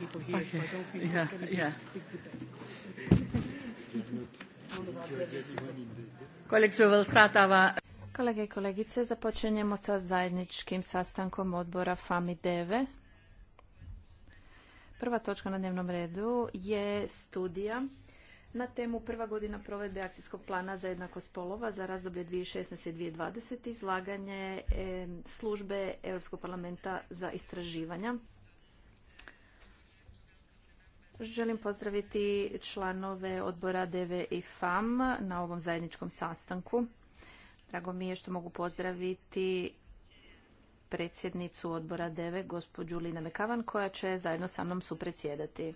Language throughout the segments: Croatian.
people here, Kolege i kolegice, započinjemo sa zajedničkim sastankom odbora FAMI DEVE. Prva točka na dnevnom redu je studija na temu prva godina provedbe akcijskog plana za jednakost spolova za razdoblje 2016. i 2020. izlaganje službe Europskog parlamenta za istraživanja. Želim pozdraviti članove odbora DV i FAM na ovom zajedničkom sastanku. Drago mi je što mogu pozdraviti predsjednicu odbora DV, gospođu Lina Mekavan, koja će zajedno sa mnom supredsjedati.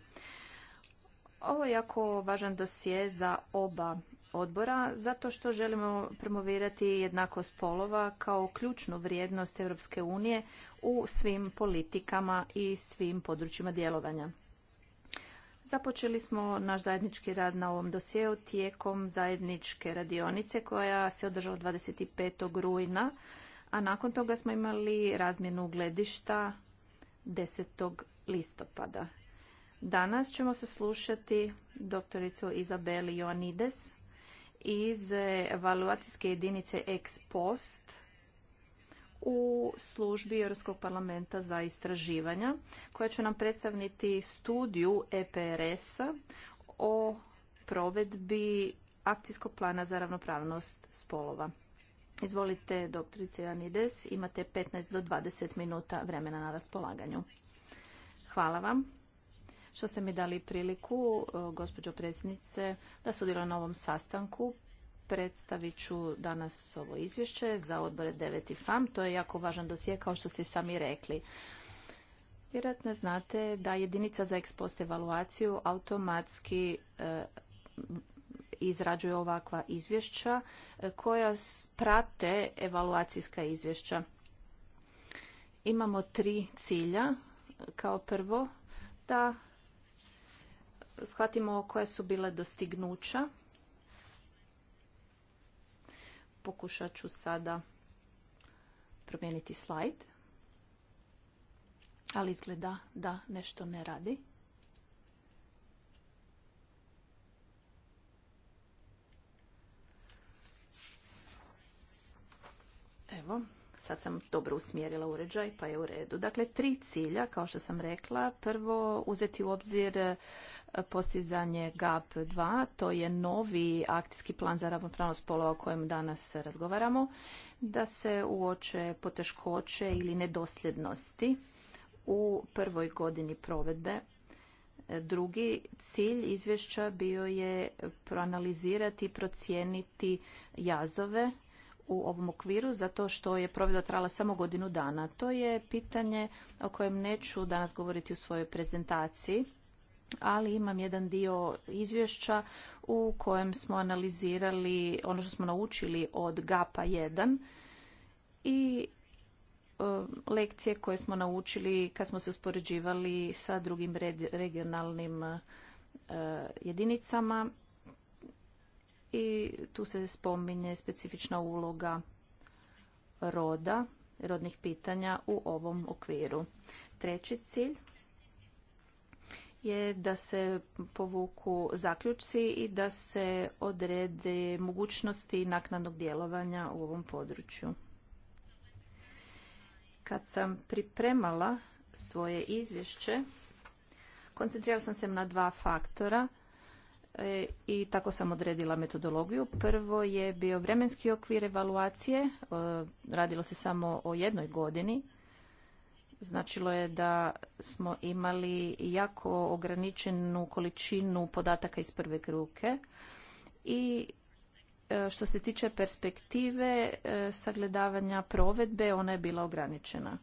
Ovo je jako važan dosje za oba odbora zato što želimo promovirati jednakost polova kao ključnu vrijednost Europske unije u svim politikama i svim područjima djelovanja. Započeli smo naš zajednički rad na ovom dosjeu tijekom zajedničke radionice koja se održala 25. rujna, a nakon toga smo imali razmjenu gledišta 10. listopada. Danas ćemo se slušati doktoricu Izabeli Joanides iz evaluacijske jedinice Ex Post u službi Europskog parlamenta za istraživanja koja će nam predstaviti studiju EPRS-a o provedbi akcijskog plana za ravnopravnost spolova. Izvolite, doktorice Janides, imate 15 do 20 minuta vremena na raspolaganju. Hvala vam što ste mi dali priliku, gospođo predsjednice, da sudjelujem na ovom sastanku predstavit ću danas ovo izvješće za odbore 9 FAM. To je jako važan dosije kao što ste sami rekli. Vjerojatno znate da jedinica za ekspost evaluaciju automatski e, izrađuje ovakva izvješća e, koja prate evaluacijska izvješća. Imamo tri cilja. Kao prvo da shvatimo koje su bile dostignuća Pokušat ću sada promijeniti slajd. Ali izgleda da nešto ne radi. Evo, sad sam dobro usmjerila uređaj pa je u redu. Dakle, tri cilja, kao što sam rekla. Prvo, uzeti u obzir postizanje GAP 2, to je novi akcijski plan za ravnopravnost spolova o kojem danas razgovaramo, da se uoče poteškoće ili nedosljednosti u prvoj godini provedbe. Drugi cilj izvješća bio je proanalizirati i procijeniti jazove u ovom okviru zato što je provedba trala samo godinu dana. To je pitanje o kojem neću danas govoriti u svojoj prezentaciji ali imam jedan dio izvješća u kojem smo analizirali ono što smo naučili od GAPA 1 i e, lekcije koje smo naučili kad smo se uspoređivali sa drugim regionalnim e, jedinicama i tu se spominje specifična uloga roda, rodnih pitanja u ovom okviru. Treći cilj je da se povuku zaključci i da se odrede mogućnosti naknadnog djelovanja u ovom području. Kad sam pripremala svoje izvješće, koncentrirala sam se na dva faktora e, i tako sam odredila metodologiju. Prvo je bio vremenski okvir evaluacije, e, radilo se samo o jednoj godini, značilo je da smo imali jako ograničenu količinu podataka iz prve ruke i e, što se tiče perspektive e, sagledavanja provedbe, ona je bila ograničena.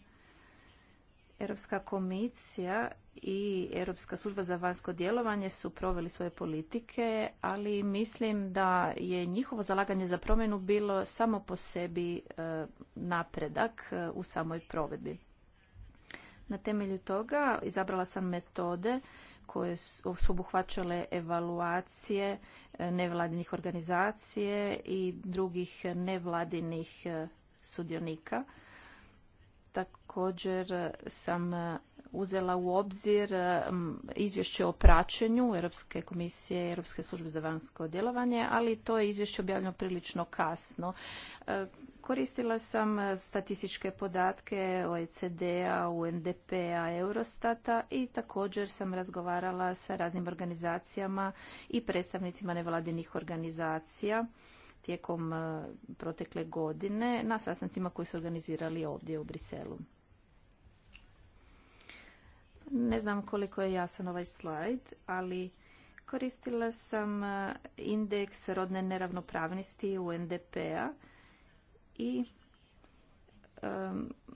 Europska komisija i Europska služba za vanjsko djelovanje su proveli svoje politike, ali mislim da je njihovo zalaganje za promjenu bilo samo po sebi e, napredak u samoj provedbi. Na temelju toga izabrala sam metode koje su obuhvaćale evaluacije e, nevladinih organizacije i drugih nevladinih e, sudionika. Također e, sam uzela u obzir izvješće o praćenju Europske komisije i Europske službe za vanjsko djelovanje, ali to je izvješće objavljeno prilično kasno. E, koristila sam statističke podatke OECD-a, UNDP-a, Eurostata i također sam razgovarala sa raznim organizacijama i predstavnicima nevladinih organizacija tijekom e, protekle godine na sastancima koji su organizirali ovdje u Briselu. Ne znam koliko je jasan ovaj slajd, ali koristila sam e, indeks rodne neravnopravnosti UNDP-a i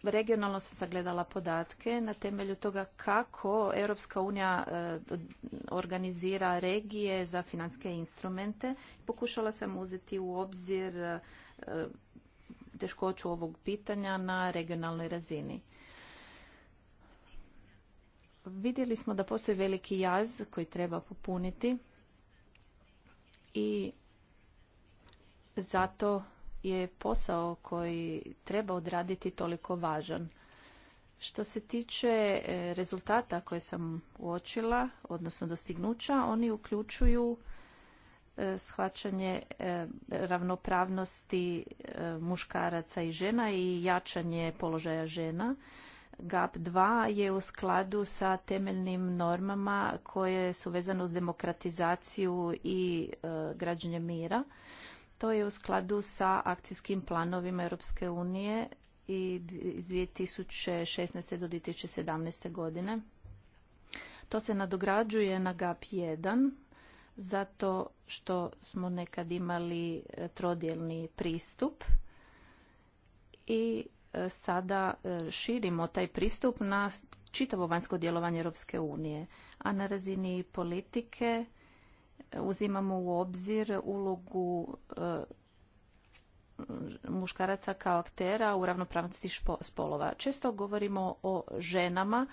regionalno sam sagledala podatke na temelju toga kako Europska unija e, organizira regije za financijske instrumente. Pokušala sam uzeti u obzir e, teškoću ovog pitanja na regionalnoj razini vidjeli smo da postoji veliki jaz koji treba popuniti i zato je posao koji treba odraditi toliko važan. Što se tiče e, rezultata koje sam uočila, odnosno dostignuća, oni uključuju e, shvaćanje e, ravnopravnosti muškaraca i žena i jačanje položaja žena. GAP 2 je u skladu sa temeljnim normama koje su vezane uz demokratizaciju i e, građenje mira. To je u skladu sa akcijskim planovima Europske unije i iz 2016. do 2017. godine. To se nadograđuje na GAP 1 zato što smo nekad imali e, trodjelni pristup i sada e, širimo taj pristup na čitavo vanjsko djelovanje Europske unije, a na razini politike e, uzimamo u obzir ulogu e, muškaraca kao aktera u ravnopravnosti spolova. Često govorimo o ženama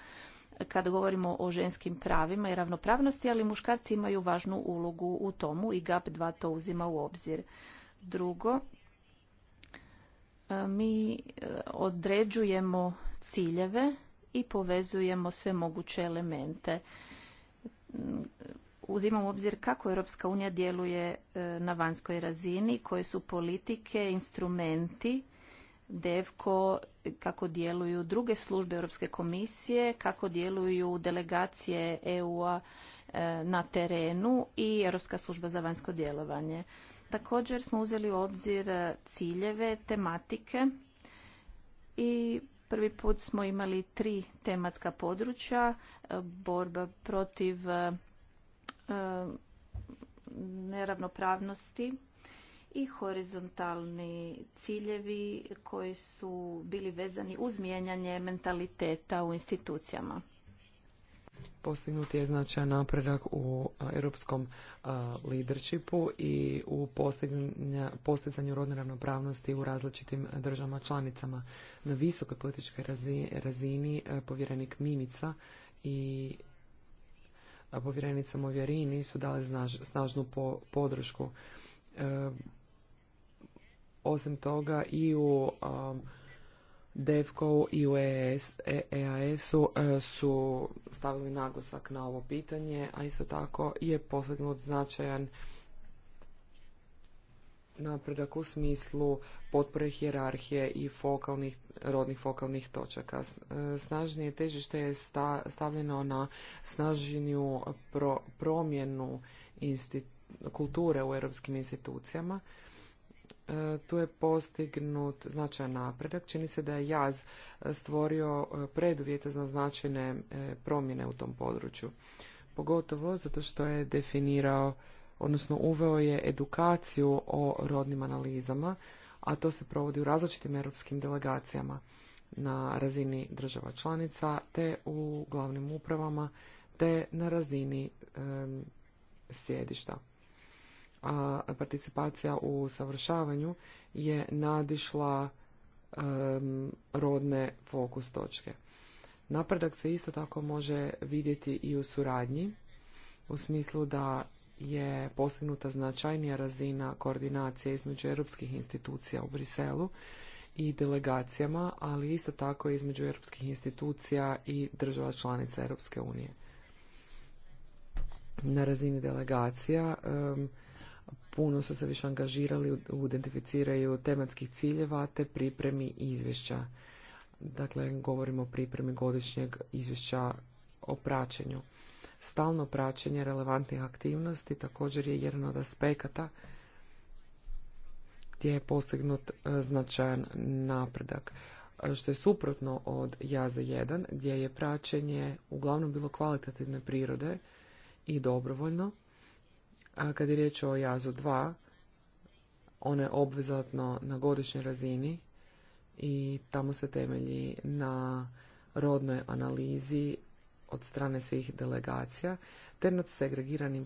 kad govorimo o ženskim pravima i ravnopravnosti, ali muškarci imaju važnu ulogu u tomu i GAP2 to uzima u obzir. Drugo, E, mi e, određujemo ciljeve i povezujemo sve moguće elemente. Mm, uzimamo u obzir kako Europska unija djeluje e, na vanjskoj razini, koje su politike, instrumenti, DEVKO, kako djeluju druge službe Europske komisije, kako djeluju delegacije EU-a na terenu i Europska služba za vanjsko djelovanje. Također smo uzeli u obzir e, ciljeve, tematike i prvi put smo imali tri tematska područja, e, borba protiv e, neravnopravnosti i horizontalni ciljevi koji su bili vezani uz mijenjanje mentaliteta u institucijama. Postignut je značajan napredak u europskom liderčipu i u postizanju rodne ravnopravnosti u različitim državama članicama. Na visokoj političkoj razini povjerenik Mimica i povjerenica Movjerini su dali snažnu podršku. E, osim toga i u DEVKO i u EAS-u e, e e, su stavili naglasak na ovo pitanje, a isto tako je postignut značajan napredak u smislu potpore hijerarhije i fokalnih, rodnih fokalnih točaka. Snažnije težište je stavljeno na snažniju promjenu kulture u europskim institucijama E, tu je postignut značajan napredak. Čini se da je jaz e, stvorio e, preduvjete za značajne promjene u tom području. Pogotovo zato što je definirao, odnosno uveo je edukaciju o rodnim analizama, a to se provodi u različitim europskim delegacijama na razini država članica te u glavnim upravama te na razini sjedišta a participacija u savršavanju je nadišla rodne fokus točke. Napredak se isto tako može vidjeti i u suradnji, u smislu da je postignuta značajnija razina koordinacije između europskih institucija u Briselu i delegacijama, ali isto tako između europskih institucija i država članica Europske unije. Na razini delegacija puno su se više angažirali u identificiraju tematskih ciljeva te pripremi izvješća. Dakle, govorimo o pripremi godišnjeg izvješća o praćenju. Stalno praćenje relevantnih aktivnosti također je jedan od aspekata gdje je postignut e, značajan napredak, e, što je suprotno od jaze 1, gdje je praćenje uglavnom bilo kvalitativne prirode i dobrovoljno, a kad je riječ o jazu 2, ono je obvezatno na godišnjoj razini i tamo se temelji na rodnoj analizi od strane svih delegacija, te nad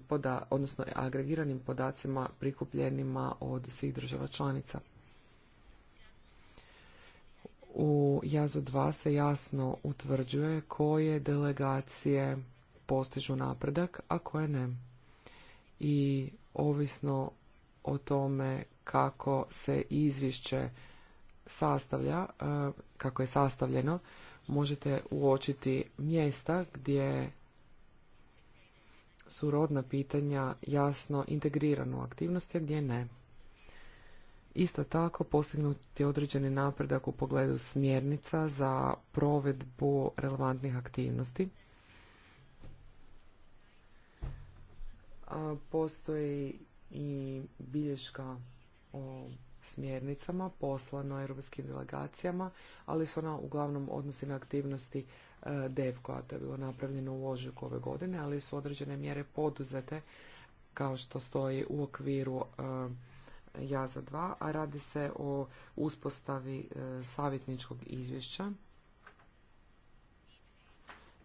poda odnosno agregiranim podacima prikupljenima od svih država članica. U jazu 2 se jasno utvrđuje koje delegacije postižu napredak, a koje ne i ovisno o tome kako se izvješće sastavlja, e, kako je sastavljeno, možete uočiti mjesta gdje su rodna pitanja jasno integrirana u aktivnosti, a gdje ne. Isto tako postignuti određeni napredak u pogledu smjernica za provedbu relevantnih aktivnosti postoji i bilješka o smjernicama poslano europskim delegacijama, ali se ona uglavnom odnosi na aktivnosti e, DEV koja To je bilo napravljeno u ožujku ove godine, ali su određene mjere poduzete kao što stoji u okviru e, jaza 2, a radi se o uspostavi e, savjetničkog izvješća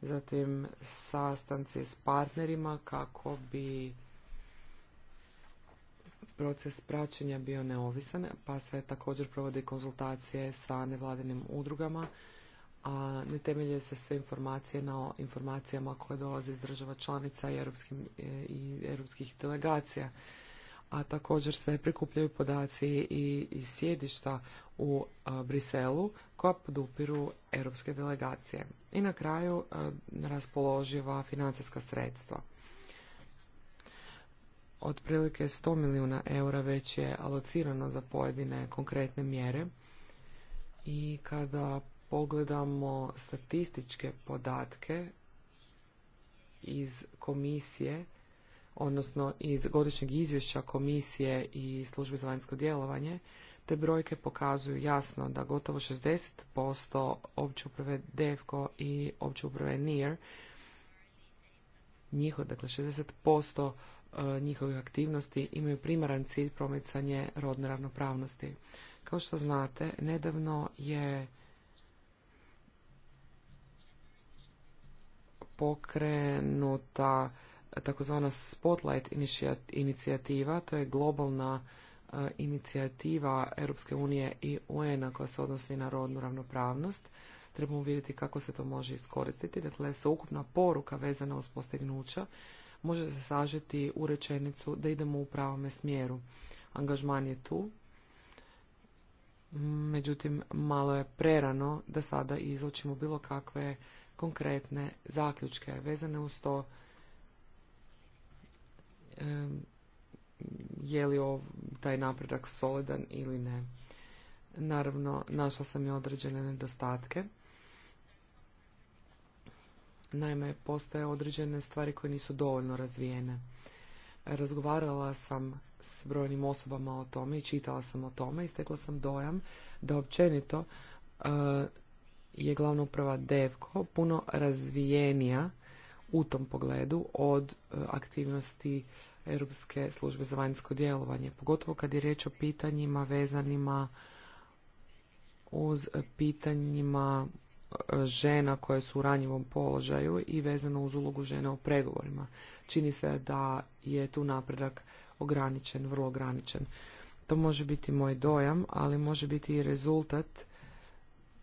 zatim sastanci s partnerima kako bi proces praćenja bio neovisan, pa se također provode konzultacije sa nevladinim udrugama, a ne temelje se sve informacije na informacijama koje dolaze iz država članica i europskih delegacija a također se prikupljaju podaci i iz sjedišta u Briselu koja podupiru europske delegacije. I na kraju raspoloživa financijska sredstva. Otprilike 100 milijuna eura već je alocirano za pojedine konkretne mjere i kada pogledamo statističke podatke iz komisije odnosno iz godišnjeg izvješća komisije i službe za vanjsko djelovanje, te brojke pokazuju jasno da gotovo 60% opće uprave DEFCO i opće uprave NIR, njihov, dakle 60% e, njihovih aktivnosti imaju primaran cilj promicanje rodne ravnopravnosti. Kao što znate, nedavno je pokrenuta takozvana Spotlight inicijativa, to je globalna e, inicijativa Europske unije i UN-a koja se odnosi na rodnu ravnopravnost. Trebamo vidjeti kako se to može iskoristiti. Dakle, ukupna poruka vezana uz postignuća može se sažeti u rečenicu da idemo u pravome smjeru. Angažman je tu, međutim malo je prerano da sada izločimo bilo kakve konkretne zaključke vezane uz to je li ov, taj napredak solidan ili ne. Naravno, našla sam i određene nedostatke. Naime, postoje određene stvari koje nisu dovoljno razvijene. Razgovarala sam s brojnim osobama o tome i čitala sam o tome i stekla sam dojam da općenito eh, je glavna uprava DEVKO puno razvijenija u tom pogledu od eh, aktivnosti Europske službe za vanjsko djelovanje, pogotovo kad je riječ o pitanjima vezanima uz pitanjima e, žena koje su u ranjivom položaju i vezano uz ulogu žena u pregovorima. Čini se da je tu napredak ograničen, vrlo ograničen. To može biti moj dojam, ali može biti i rezultat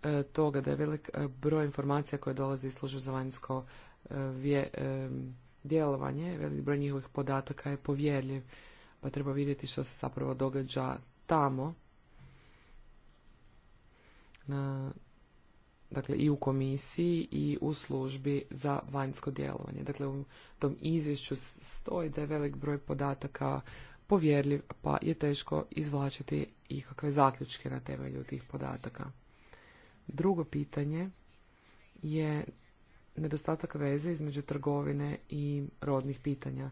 e, toga da je velik e, broj informacija koje dolazi iz službe za vanjsko e, djelovanje, velik broj njihovih podataka je povjerljiv, pa treba vidjeti što se zapravo događa tamo. Na, dakle, i u komisiji i u službi za vanjsko djelovanje. Dakle, u tom izvješću stoji da je velik broj podataka povjerljiv, pa je teško izvlačiti kakve zaključke na temelju tih podataka. Drugo pitanje je nedostatak veze između trgovine i rodnih pitanja.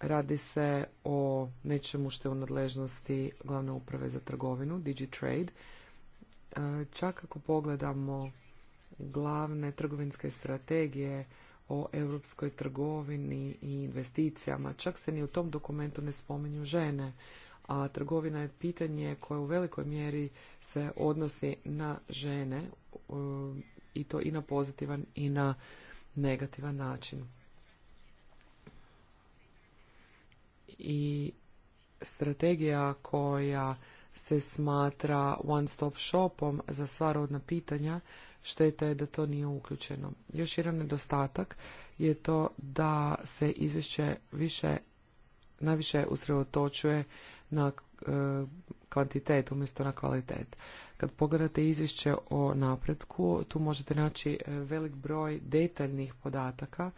radi se o nečemu što je u nadležnosti glavne uprave za trgovinu, DigiTrade. E, čak ako pogledamo glavne trgovinske strategije o europskoj trgovini i investicijama, čak se ni u tom dokumentu ne spominju žene a trgovina je pitanje koje u velikoj mjeri se odnosi na žene i to i na pozitivan i na negativan način. I strategija koja se smatra one stop shopom za sva rodna pitanja, šteta je da to nije uključeno. Još jedan nedostatak je to da se izvješće više, najviše usredotočuje na e, kvantitet umjesto na kvalitet. Kad pogledate izvješće o napretku, tu možete naći e, velik broj detaljnih podataka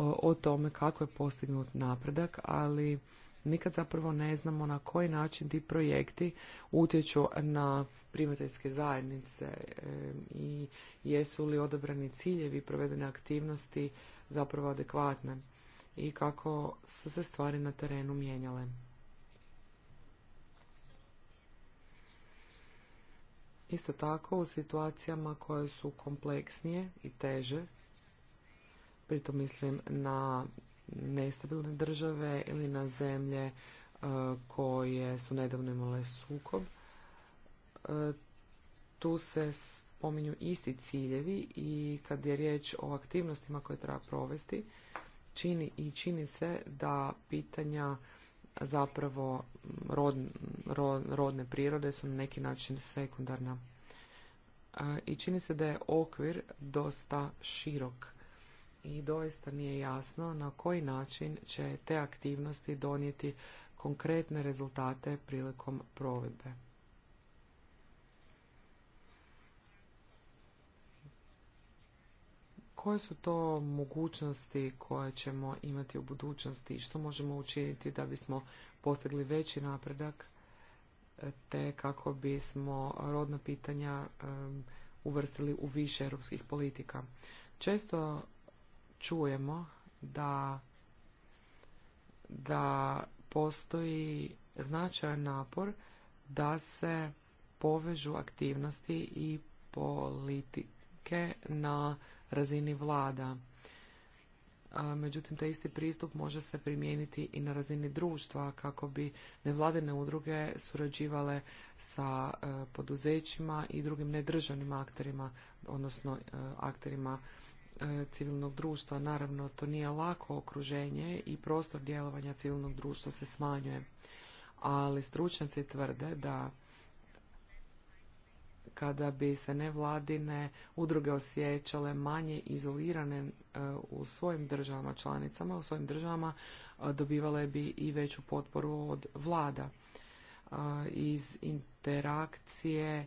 o tome kako je postignut napredak, ali nikad zapravo ne znamo na koji način ti projekti utječu na primateljske zajednice e, i jesu li odabrani ciljevi provedene aktivnosti zapravo adekvatne i kako su se stvari na terenu mijenjale. Isto tako u situacijama koje su kompleksnije i teže, pritom mislim na nestabilne države ili na zemlje e, koje su nedavno imale sukob, e, tu se spominju isti ciljevi i kad je riječ o aktivnostima koje treba provesti, čini i čini se da pitanja zapravo rod, rodne prirode su na neki način sekundarna. I čini se da je okvir dosta širok i doista nije jasno na koji način će te aktivnosti donijeti konkretne rezultate prilikom provedbe. koje su to mogućnosti koje ćemo imati u budućnosti i što možemo učiniti da bismo postigli veći napredak e, te kako bismo rodna pitanja uvrstili u više europskih politika. Često čujemo da, da postoji značajan napor da se povežu aktivnosti i politike na razini vlada. Međutim, taj isti pristup može se primijeniti i na razini društva kako bi nevladene udruge surađivale sa e, poduzećima i drugim nedržavnim akterima, odnosno e, akterima e, civilnog društva. Naravno, to nije lako okruženje i prostor djelovanja civilnog društva se smanjuje. Ali stručnjaci tvrde da kada bi se nevladine udruge osjećale manje izolirane e, u svojim državama članicama, u svojim državama e, dobivale bi i veću potporu od vlada. E, iz interakcije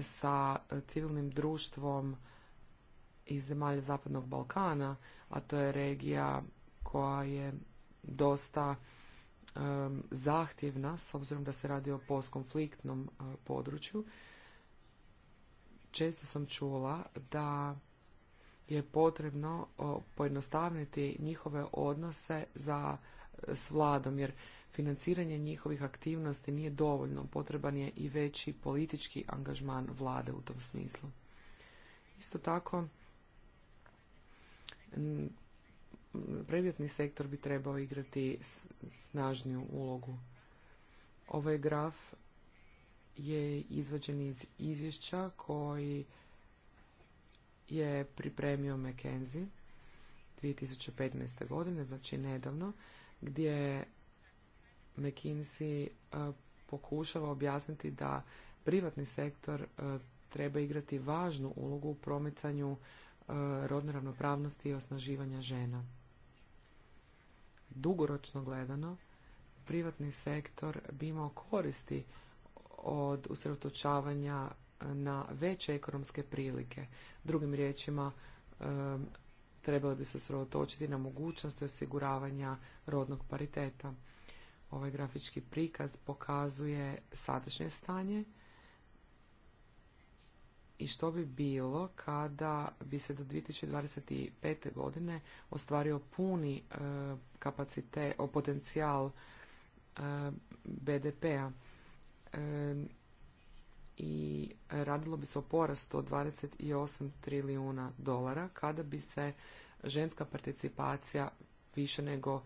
sa civilnim društvom iz zemalja Zapadnog Balkana, a to je regija koja je dosta zahtjevna s obzirom da se radi o postkonfliktnom području Često sam čula da je potrebno pojednostavniti njihove odnose za, e, s vladom, jer financiranje njihovih aktivnosti nije dovoljno. Potreban je i veći politički angažman vlade u tom smislu. Isto tako, predmetni sektor bi trebao igrati snažniju ulogu. Ovaj graf je izvađen iz izvješća koji je pripremio McKenzie 2015. godine, znači nedavno, gdje McKinsey e, pokušava objasniti da privatni sektor e, treba igrati važnu ulogu u promicanju e, rodne ravnopravnosti i osnaživanja žena. Dugoročno gledano, privatni sektor bi imao koristi od usredotočavanja na veće ekonomske prilike. Drugim riječima, trebalo bi se usredotočiti na mogućnosti osiguravanja rodnog pariteta. Ovaj grafički prikaz pokazuje sadašnje stanje i što bi bilo kada bi se do 2025. godine ostvario puni kapacite, potencijal BDP-a i radilo bi se o porastu od 28 trilijuna dolara kada bi se ženska participacija više nego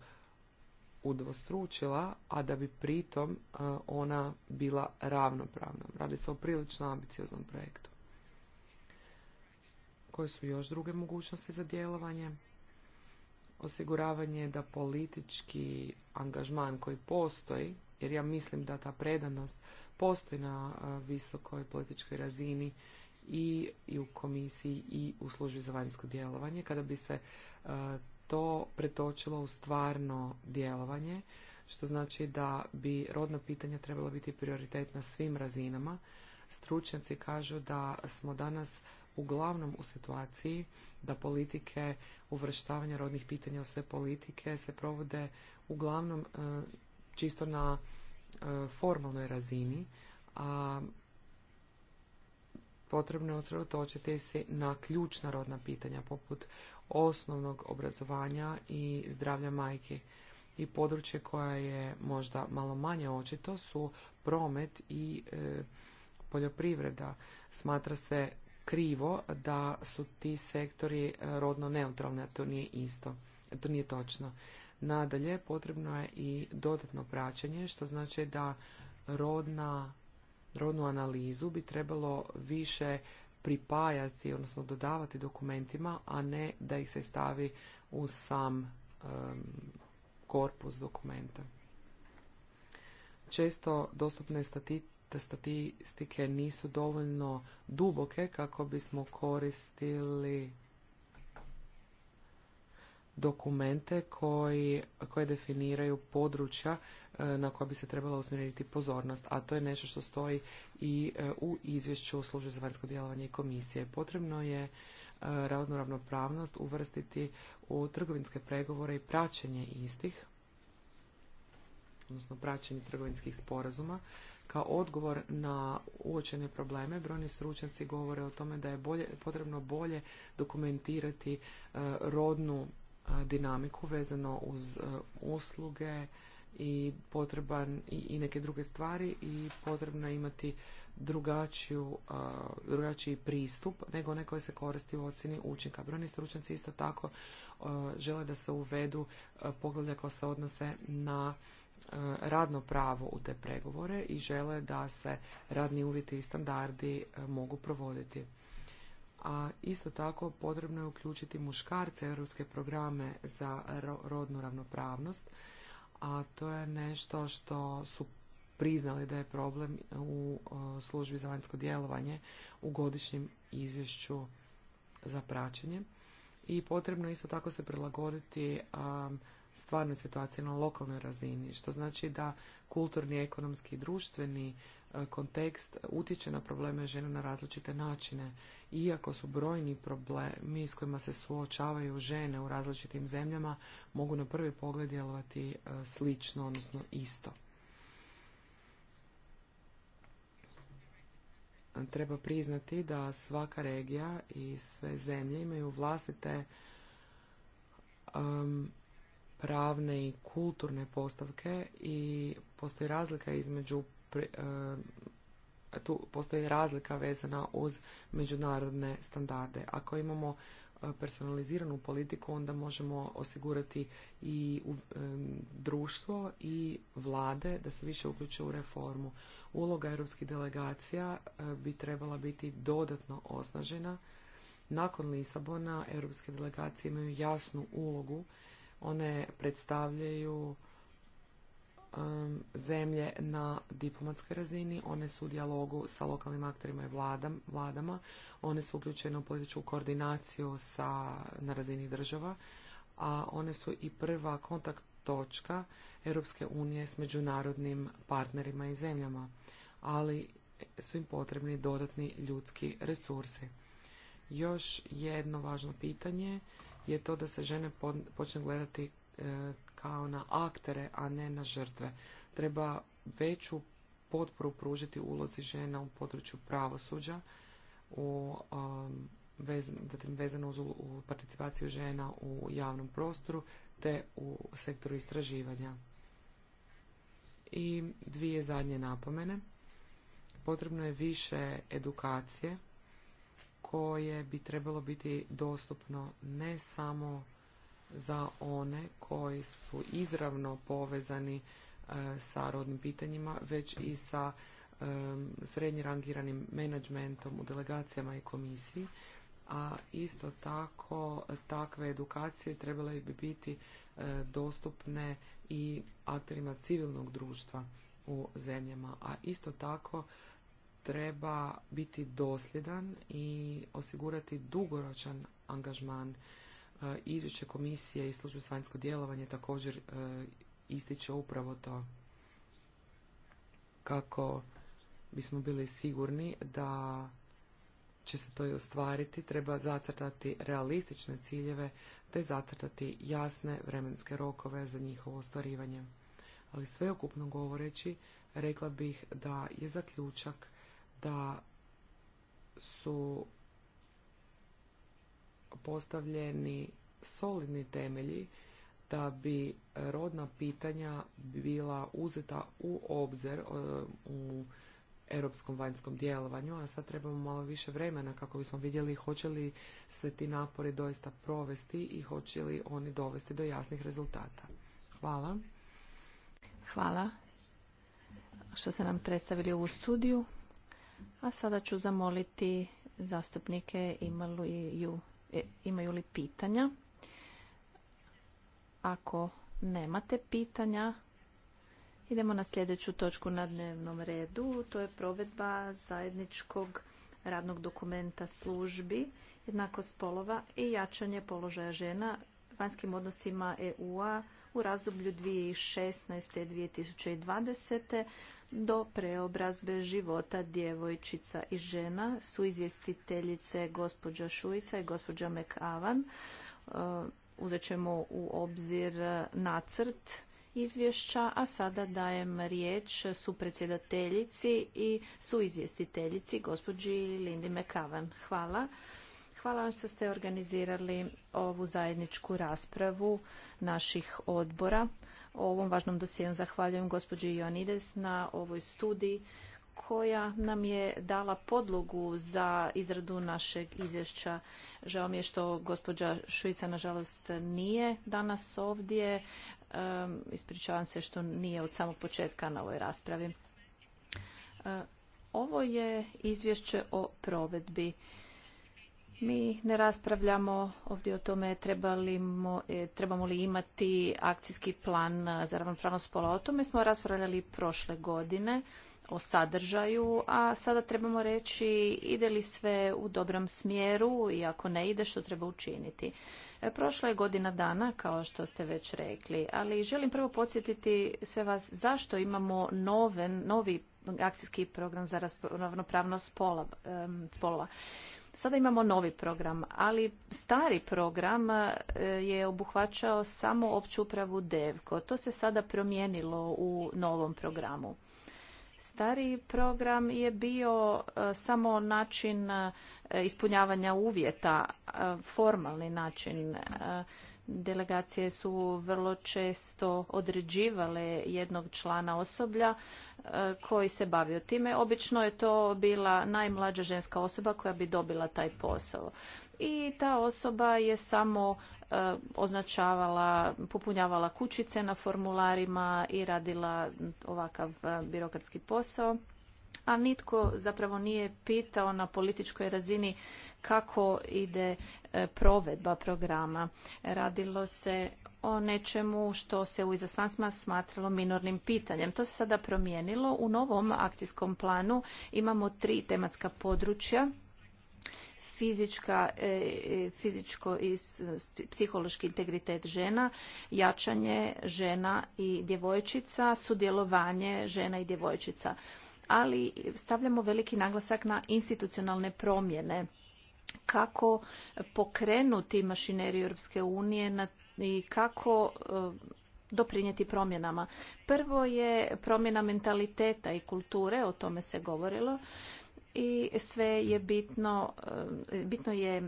udvostručila, a da bi pritom eh, ona bila ravnopravna. Radi se o prilično ambicioznom projektu. Koje su još druge mogućnosti za djelovanje? Osiguravanje da politički angažman koji postoji jer ja mislim da ta predanost postoji na e, visokoj političkoj razini i, i u komisiji i u službi za vanjsko djelovanje. Kada bi se e, to pretočilo u stvarno djelovanje, što znači da bi rodna pitanja trebala biti prioritet na svim razinama. Stručnjaci kažu da smo danas uglavnom u situaciji da politike uvrštavanja rodnih pitanja u sve politike se provode uglavnom e, čisto na e, formalnoj razini, a potrebno je usredotočiti se na ključna rodna pitanja poput osnovnog obrazovanja i zdravlja majke. I područje koje je možda malo manje očito su promet i e, poljoprivreda. Smatra se krivo da su ti sektori e, rodno neutralni, a to nije isto, to nije točno. Nadalje, potrebno je i dodatno praćenje, što znači da rodna, rodnu analizu bi trebalo više pripajati, odnosno dodavati dokumentima, a ne da ih se stavi u sam korpus dokumenta. Često dostupne stati, statistike nisu dovoljno duboke kako bismo koristili dokumente koji, koje definiraju područja e, na koja bi se trebala usmjeriti pozornost, a to je nešto što stoji i e, u izvješću službe za vanjsko djelovanje i komisije. Potrebno je e, radnu ravnopravnost uvrstiti u trgovinske pregovore i praćenje istih, odnosno praćenje trgovinskih sporazuma. Kao odgovor na uočene probleme, brojni stručnjaci govore o tome da je bolje, potrebno bolje dokumentirati rodnu dinamiku vezano uz e, usluge i potreban i neke druge stvari i potrebno je imati drugačiju, drugačiji pristup nego onaj koji se koristi u ocjeni učinka. Brojni stručnjaci isto tako e, žele da se uvedu e, poglavlja koja se odnose na radno pravo u te pregovore i žele da se radni uvjeti i standardi mogu provoditi a isto tako potrebno je uključiti muškarce europske programe za rodnu ravnopravnost, a to je nešto što su priznali da je problem u e, službi za vanjsko djelovanje u godišnjem izvješću za praćenje. I potrebno isto tako se prilagoditi stvarnoj situaciji na lokalnoj razini, što znači da kulturni, ekonomski i društveni E, kontekst utječe na probleme žena na različite načine. Iako su brojni problemi s kojima se suočavaju žene u različitim zemljama, mogu na prvi pogled djelovati e, slično, odnosno isto. Treba priznati da svaka regija i sve zemlje imaju vlastite pravne i kulturne postavke i postoji razlika između E, tu postoji razlika vezana uz međunarodne standarde. Ako imamo e, personaliziranu politiku, onda možemo osigurati i e, društvo i vlade da se više uključe u reformu. Uloga europskih delegacija bi trebala biti dodatno osnažena. Nakon Lisabona europske delegacije imaju jasnu ulogu. One predstavljaju um, zemlje na diplomatskoj razini, one su u dijalogu sa lokalnim akterima i vladam, vladama, one su uključene u političku koordinaciju sa, na razini država, a one su i prva kontakt točka Europske unije s međunarodnim partnerima i zemljama, ali su im potrebni dodatni ljudski resursi. Još jedno važno pitanje je to da se žene počne gledati E, kao na aktere, a ne na žrtve. Treba veću potporu pružiti ulozi žena u području pravosuđa, u, um, vezano uz u participaciju žena u javnom prostoru te u sektoru istraživanja. I dvije zadnje napomene. Potrebno je više edukacije koje bi trebalo biti dostupno ne samo za one koji su izravno povezani e, sa rodnim pitanjima, već i sa e, srednje rangiranim menadžmentom u delegacijama i komisiji, a isto tako takve edukacije trebale bi biti e, dostupne i akterima civilnog društva u zemljama, a isto tako treba biti dosljedan i osigurati dugoročan angažman Izvješće komisije i službe vanjsko djelovanje također e, ističe upravo to kako bismo bili sigurni da će se to i ostvariti, treba zacrtati realistične ciljeve te zacrtati jasne vremenske rokove za njihovo ostvarivanje. Ali sveukupno govoreći, rekla bih da je zaključak da su postavljeni solidni temelji da bi rodna pitanja bila uzeta u obzir e, u europskom vanjskom djelovanju, a sad trebamo malo više vremena kako bismo vidjeli hoće li se ti napori doista provesti i hoće li oni dovesti do jasnih rezultata. Hvala. Hvala što ste nam predstavili ovu studiju. A sada ću zamoliti zastupnike Imalu i E, imaju li pitanja. Ako nemate pitanja, idemo na sljedeću točku na dnevnom redu. To je provedba zajedničkog radnog dokumenta službi, jednakost spolova i jačanje položaja žena vanjskim odnosima EU-a u razdoblju 2016. i 2020. do preobrazbe života djevojčica i žena su izvjestiteljice gospođa Šujica i gospođa McAvan. Uh, uzet ćemo u obzir nacrt izvješća, a sada dajem riječ su predsjedateljici i su izvjestiteljici gospođi Lindi McAvan. Hvala. Hvala vam što ste organizirali ovu zajedničku raspravu naših odbora. O ovom važnom dosijenu zahvaljujem gospođi Ioannides na ovoj studiji koja nam je dala podlogu za izradu našeg izvješća. Žao mi je što gospođa Šujica nažalost nije danas ovdje. Ispričavam se što nije od samog početka na ovoj raspravi. E, ovo je izvješće o provedbi mi ne raspravljamo ovdje o tome e, trebamo, li imati akcijski plan za ravnopravnost spola. O tome smo raspravljali prošle godine o sadržaju, a sada trebamo reći ide li sve u dobrom smjeru i ako ne ide što treba učiniti. E, prošla je godina dana, kao što ste već rekli, ali želim prvo podsjetiti sve vas zašto imamo novi akcijski program za ravnopravnost spolova. Sada imamo novi program, ali stari program e, je obuhvaćao samo opću upravu DEVKO. To se sada promijenilo u novom programu. Stari program je bio e, samo način e, ispunjavanja uvjeta, formalni način. Delegacije su vrlo često određivale jednog člana osoblja e, koji se bavio time. Obično je to bila najmlađa ženska osoba koja bi dobila taj posao. I ta osoba je samo e, označavala, popunjavala kućice na formularima i radila ovakav e, birokratski posao a nitko zapravo nije pitao na političkoj razini kako ide e, provedba programa. Radilo se o nečemu što se u izaslanstvima smatralo minornim pitanjem. To se sada promijenilo. U novom akcijskom planu imamo tri tematska područja fizička, e, e, fizičko i psihološki integritet žena, jačanje žena i djevojčica, sudjelovanje žena i djevojčica ali stavljamo veliki naglasak na institucionalne promjene kako pokrenuti mašineriju Europske unije i kako eh, doprinijeti promjenama. Prvo je promjena mentaliteta i kulture, o tome se govorilo i sve je bitno, eh, bitno je eh,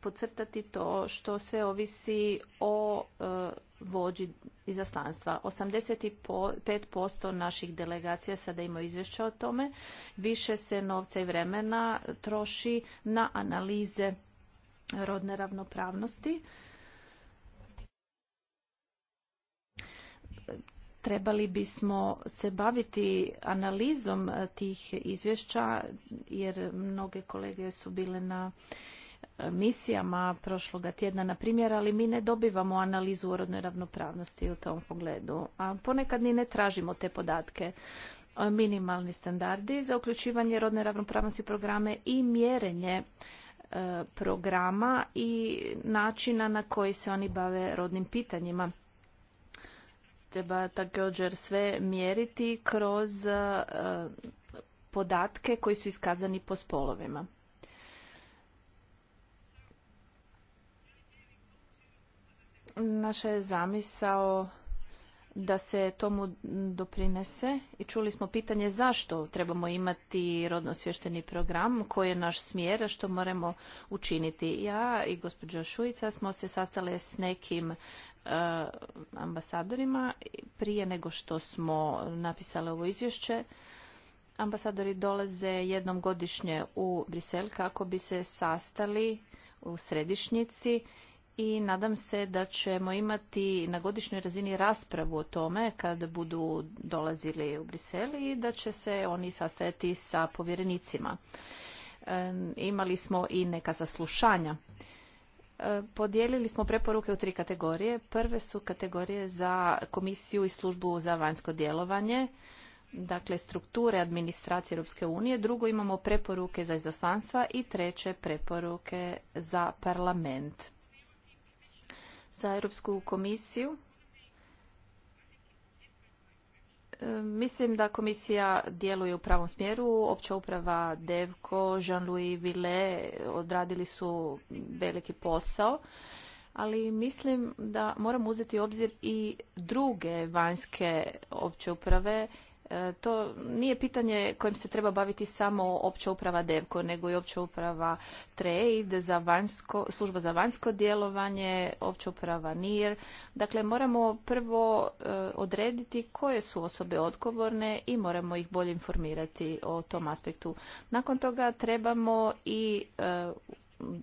podcrtati to što sve ovisi o vođi izaslanstva. 85% naših delegacija sada ima izvješća o tome. Više se novca i vremena troši na analize rodne ravnopravnosti. trebali bismo se baviti analizom tih izvješća jer mnoge kolege su bile na misijama prošloga tjedna, na primjer, ali mi ne dobivamo analizu o rodnoj ravnopravnosti u tom pogledu, a ponekad ni ne tražimo te podatke. E, minimalni standardi za uključivanje rodne ravnopravnosti u programe i mjerenje e, programa i načina na koji se oni bave rodnim pitanjima treba također sve mjeriti kroz e, podatke koji su iskazani po spolovima. Naša je zamisao da se tomu doprinese i čuli smo pitanje zašto trebamo imati rodno svješteni program, koji je naš smjer, što moramo učiniti. Ja i gospođa Šujica smo se sastale s nekim e, ambasadorima prije nego što smo napisali ovo izvješće. Ambasadori dolaze jednom godišnje u Brisel kako bi se sastali u središnjici i nadam se da ćemo imati na godišnjoj razini raspravu o tome kada budu dolazili u Brisel i da će se oni sastajati sa povjerenicima. E, imali smo i neka saslušanja e, podijelili smo preporuke u tri kategorije. Prve su kategorije za komisiju i službu za vanjsko djelovanje, dakle strukture administracije Europske unije. Drugo imamo preporuke za izaslanstva i treće preporuke za parlament za Europsku komisiju. E, mislim da komisija djeluje u pravom smjeru. Opća uprava Devko, Jean-Louis Ville odradili su veliki posao, ali mislim da moramo uzeti u obzir i druge vanjske opće uprave E, to nije pitanje kojim se treba baviti samo opća uprava DEVKO, nego i opća uprava TRADE, za vanjsko, služba za vanjsko djelovanje, opća uprava NIR. Dakle, moramo prvo e, odrediti koje su osobe odgovorne i moramo ih bolje informirati o tom aspektu. Nakon toga trebamo i e,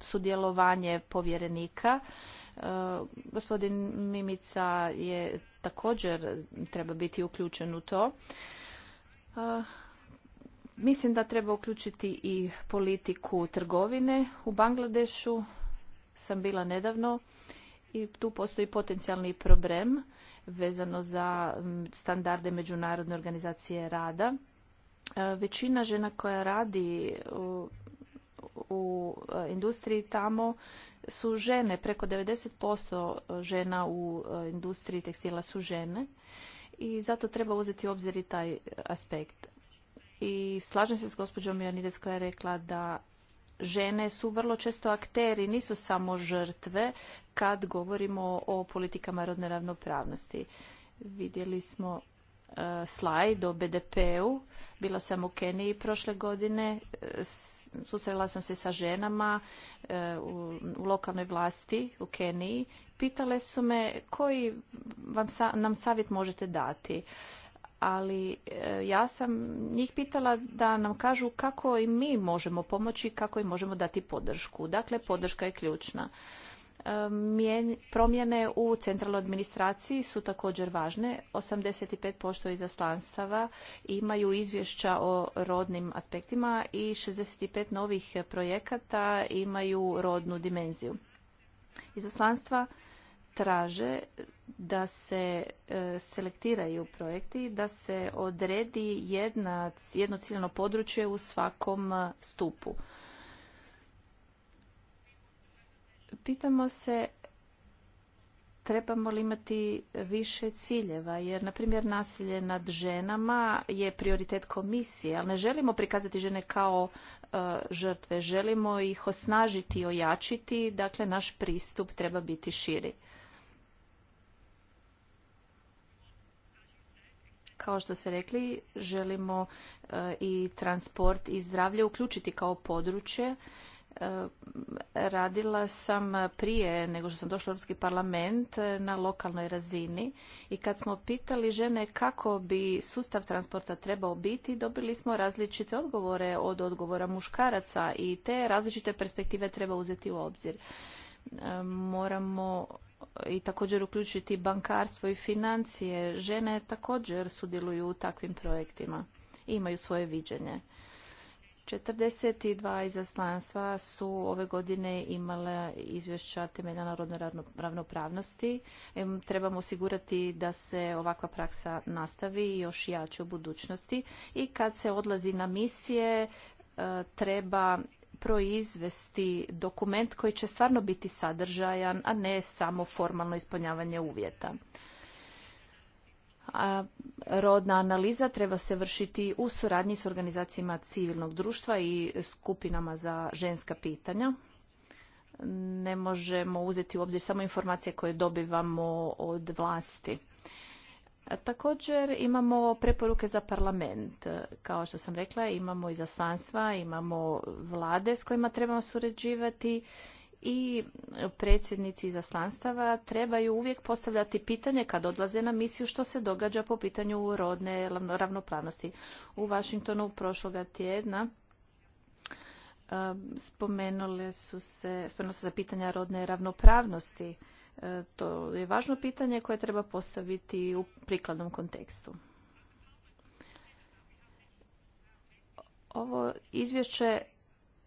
sudjelovanje povjerenika. gospodin Mimica je također treba biti uključen u to mislim da treba uključiti i politiku trgovine. U Bangladešu sam bila nedavno i tu postoji potencijalni problem vezano za standarde Međunarodne organizacije rada. Većina žena koja radi u, u industriji tamo su žene, preko 90% žena u industriji tekstila su žene i zato treba uzeti u obzir i taj e, aspekt. I slažem se s gospođom Janides koja je rekla da žene su vrlo često akteri, nisu samo žrtve kad govorimo o politikama rodne ravnopravnosti. Vidjeli smo Eh, slajd o BDP-u. Bila sam u Keniji prošle godine, eh, susrela sam se sa ženama eh, u, lokalnoj vlasti u Keniji. Pitale su me koji vam, nam savjet možete dati. Ali ja sam njih pitala da nam kažu kako i mi možemo pomoći, kako im možemo dati podršku. Dakle, podrška je ključna promjene u centralnoj administraciji su također važne. 85% izaslanstava imaju izvješća o rodnim aspektima i 65 novih projekata imaju rodnu dimenziju. Izaslanstva traže da se e, selektiraju projekti, da se odredi jedno ciljeno područje u svakom e, stupu. Pitamo se trebamo li imati više ciljeva jer na primjer nasilje nad ženama je prioritet komisije ali ne želimo prikazati žene kao e, žrtve želimo ih osnažiti i ojačiti dakle naš pristup treba biti širi kao što ste rekli želimo e, i transport i zdravlje uključiti kao područje radila sam prije nego što sam došla u Europski parlament na lokalnoj razini i kad smo pitali žene kako bi sustav transporta trebao biti, dobili smo različite odgovore od odgovora muškaraca i te različite perspektive treba uzeti u obzir. E, moramo i također uključiti bankarstvo i financije. Žene također sudjeluju u takvim projektima i imaju svoje viđenje. 42 izaslanstva su ove godine imala izvješća temelja na ravnopravnosti. Trebamo osigurati da se ovakva praksa nastavi i još jače u budućnosti. I kad se odlazi na misije, e, treba proizvesti dokument koji će stvarno biti sadržajan, a ne samo formalno ispunjavanje uvjeta. A rodna analiza treba se vršiti u suradnji s organizacijama civilnog društva i skupinama za ženska pitanja. Ne možemo uzeti u obzir samo informacije koje dobivamo od vlasti. Također imamo preporuke za parlament. Kao što sam rekla, imamo i izaslanstva, imamo vlade s kojima trebamo surađivati i predsjednici izaslanstava trebaju uvijek postavljati pitanje kad odlaze na misiju što se događa po pitanju rodne ravnopravnosti. U Vašingtonu prošloga tjedna um, spomenule su se, spomenule su se pitanja rodne ravnopravnosti. E, to je važno pitanje koje treba postaviti u prikladnom kontekstu. Ovo izvješće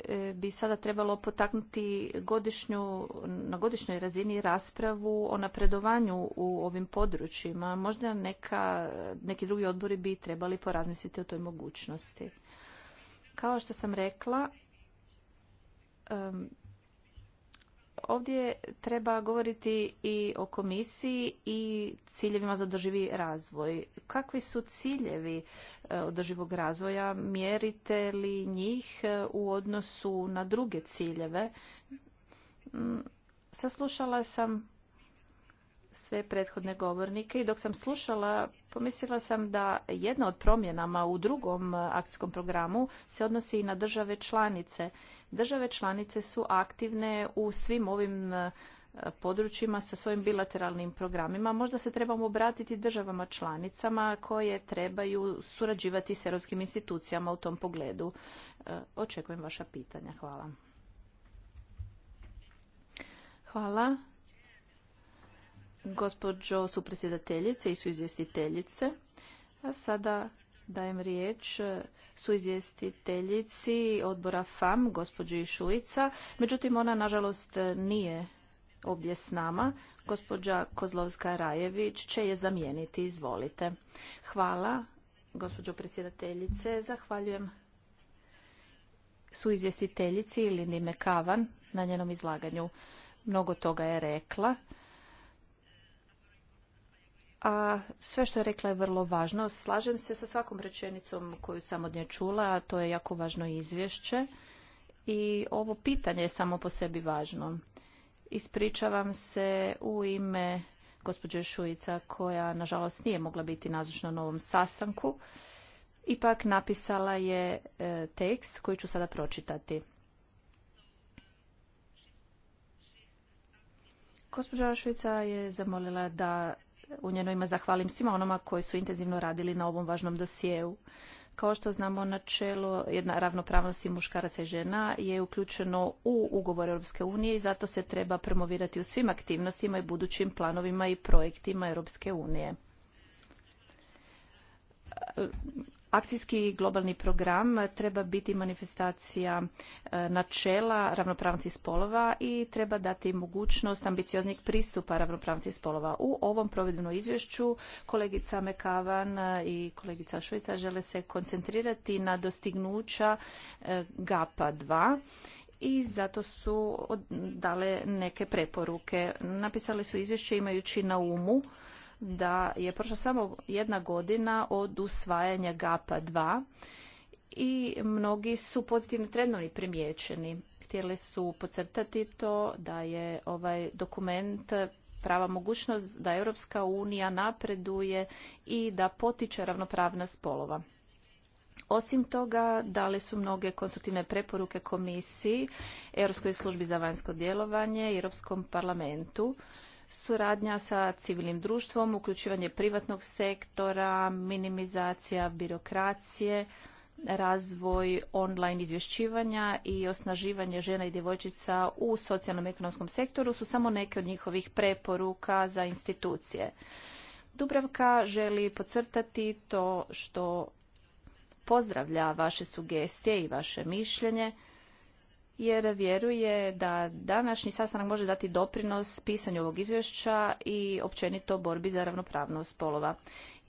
E, bi sada trebalo potaknuti godišnju, na godišnjoj razini raspravu o napredovanju u ovim područjima. Možda neka, neki drugi odbori bi trebali porazmisliti o toj mogućnosti. Kao što sam rekla, Ovdje treba govoriti i o komisiji i ciljevima za održivi razvoj. Kakvi su ciljevi e, održivog razvoja? Mjerite li njih e, u odnosu na druge ciljeve? Mm, saslušala sam sve prethodne govornike i dok sam slušala pomislila sam da jedna od promjenama u drugom e, akcijskom programu se odnosi i na države članice. Države članice su aktivne u svim ovim e, područjima sa svojim bilateralnim programima. Možda se trebamo obratiti državama članicama koje trebaju surađivati s europskim institucijama u tom pogledu. E, očekujem vaša pitanja. Hvala. Hvala gospođo supredsjedateljice i suizvjestiteljice. A sada dajem riječ suizvjestiteljici odbora FAM, gospođi Šuica. Međutim, ona nažalost nije ovdje s nama. Gospođa Kozlovska-Rajević će je zamijeniti. Izvolite. Hvala, gospođo predsjedateljice. Zahvaljujem suizvjestiteljici Lini Mekavan na njenom izlaganju. Mnogo toga je rekla a sve što je rekla je vrlo važno. Slažem se sa svakom rečenicom koju sam od nje čula, a to je jako važno izvješće. I ovo pitanje je samo po sebi važno. Ispričavam se u ime gospođe Šujica koja nažalost nije mogla biti nazočna na ovom sastanku. Ipak napisala je e, tekst koji ću sada pročitati. Gospođa Šujica je zamolila da u njeno ime zahvalim svima onoma koji su intenzivno radili na ovom važnom dosjeu. Kao što znamo, načelo jedna ravnopravnosti muškaraca i žena je uključeno u ugovor Europske unije i zato se treba promovirati u svim aktivnostima i budućim planovima i projektima Europske unije Akcijski globalni program treba biti manifestacija e, načela ravnopravnosti spolova i treba dati mogućnost ambicioznih pristupa ravnopravnosti spolova. U ovom provedbenom izvješću kolegica Mekavan e, i kolegica Šujica žele se koncentrirati na dostignuća e, GAPA 2 i zato su dale neke preporuke. Napisali su izvješće imajući na umu da je prošla samo jedna godina od usvajanja GAPA 2 i mnogi su pozitivni trendovi primijećeni. Htjeli su podcrtati to da je ovaj dokument prava mogućnost da Europska unija napreduje i da potiče ravnopravna spolova. Osim toga, dali su mnoge konstruktivne preporuke komisiji, Europskoj službi za vanjsko djelovanje i Europskom parlamentu suradnja sa civilnim društvom, uključivanje privatnog sektora, minimizacija birokracije, razvoj online izvješćivanja i osnaživanje žena i djevojčica u socijalnom ekonomskom sektoru su samo neke od njihovih preporuka za institucije. Dubravka želi podcrtati to što pozdravlja vaše sugestije i vaše mišljenje jer vjeruje da današnji sastanak može dati doprinos pisanju ovog izvješća i općenito borbi za ravnopravnost spolova.